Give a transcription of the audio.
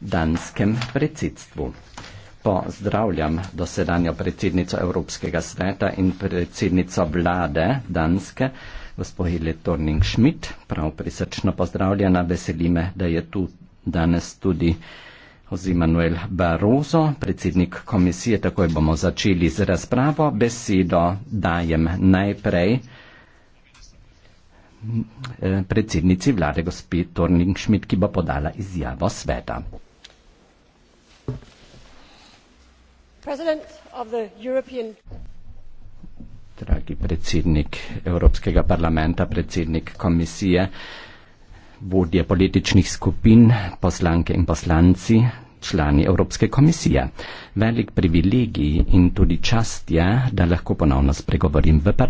danskem predsedstvu. Pozdravljam dosedanjo predsednico Evropskega sveta in predsednico vlade Danske, gospodine Torning Schmidt. Prav prisrčno pozdravljena, veseli me, da je tu danes tudi Jose Manuel Barroso, predsednik komisije. Takoj bomo začeli z razpravo. Besedo dajem najprej eh, predsednici vlade, gospod Torning Schmidt, ki bo podala izjavo sveta. Dragi predsednik Evropskega parlamenta, predsednik komisije, vodje političnih skupin, poslanke in poslanci, člani Evropske komisije. Velik privilegij in tudi čast je, da lahko ponovno spregovorim v parlamentu.